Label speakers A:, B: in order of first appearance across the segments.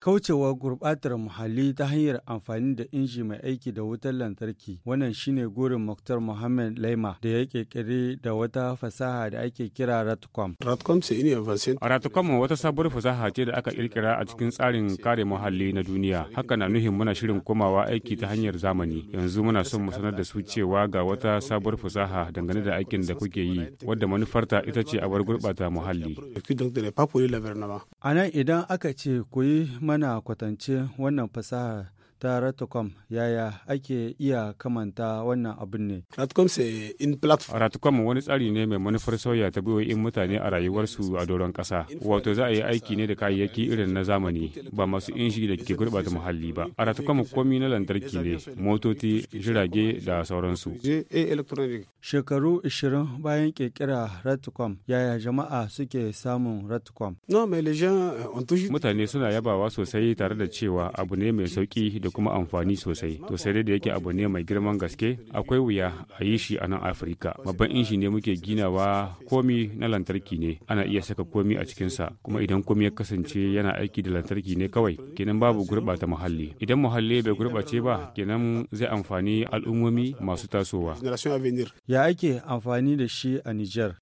A: Kaucewa gurɓatar muhalli ta hanyar amfani da inji mai aiki da wutar lantarki wannan shine gurin Muktar Mohammed Laima da ya kirkiri da wata fasaha da ake kira Ratcom. Ratcom
B: Ratcom wata sabuwar fasaha ce da aka ƙirƙira a cikin tsarin kare muhalli na duniya. Haka na nuhin muna shirin komawa aiki ta hanyar zamani. Yanzu muna son mu sanar da su cewa ga wata sabuwar fasaha dangane da aikin da kuke yi wadda manufarta ita ce a bar gurɓata muhalli.
A: A nan idan aka ce ku yi mana kwatance wannan fasahar ta Ratcom yaya ake iya kamanta wannan abin ne?
B: Ratcom se in platform. Ratcom wani tsari ne mai manufar sauya ta in mutane a rayuwarsu a doron ƙasa. Wato za a yi aiki ne da kayayyaki irin na zamani ba masu inshi da ke gurɓata muhalli ba. A Ratcom komi na lantarki ne, motoci, jirage da sauransu.
A: Shekaru 20 bayan ƙirƙira Ratcom yaya jama'a suke samun Ratcom?
B: Euh, mutane suna yabawa sosai tare da cewa abu ne mai sauƙi da kuma amfani sosai to sai dai da yake abu ne mai girman gaske akwai wuya a yi shi a nan afirka babban inshi ne muke ginawa komi na lantarki ne ana iya saka komi a cikinsa kuma idan komi ya kasance yana aiki da lantarki ne kawai kenan babu gurɓata muhalli idan muhalli bai gurɓace ba kenan zai amfani al'ummomi masu tasowa
A: ya ake amfani da shi a niger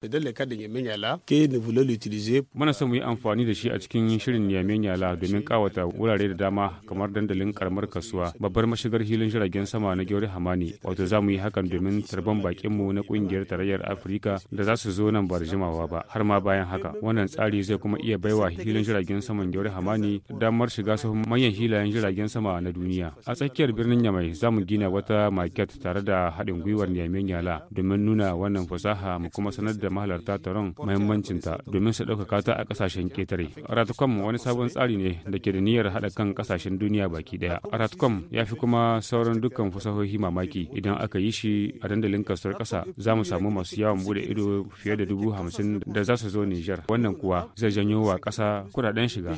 B: mana son mu yi amfani da shi a cikin shirin yamen yala domin kawata wurare da dama kamar dandalin karamar kasuwa babbar mashigar hilin jiragen sama na Gyori Hamani wato za mu yi hakan domin tarban bakinmu na kungiyar tarayyar Afirka da za su zo nan ba da jimawa ba har ma bayan haka wannan tsari zai kuma iya baiwa hilin jiragen saman Gyori Hamani damar shiga su manyan hilayen jiragen sama na duniya a tsakiyar birnin Yamai za mu gina wata maket tare da haɗin gwiwar Niamey Yala domin nuna wannan fasaha mu kuma sanar da mahalarta taron muhimmancinta domin su ɗaukaka ta a ƙasashen ketare Ratakwam wani sabon tsari ne da ke da niyyar haɗa kan ƙasashen duniya baki ɗaya. Stratcom ya fi kuma sauran dukkan fasahohi mamaki idan aka yi shi a dandalin kasuwar ƙasa za mu samu masu yawon bude ido fiye da dubu hamsin da za su zo Nijar. Wannan kuwa zai janyo wa ƙasa kudaden shiga.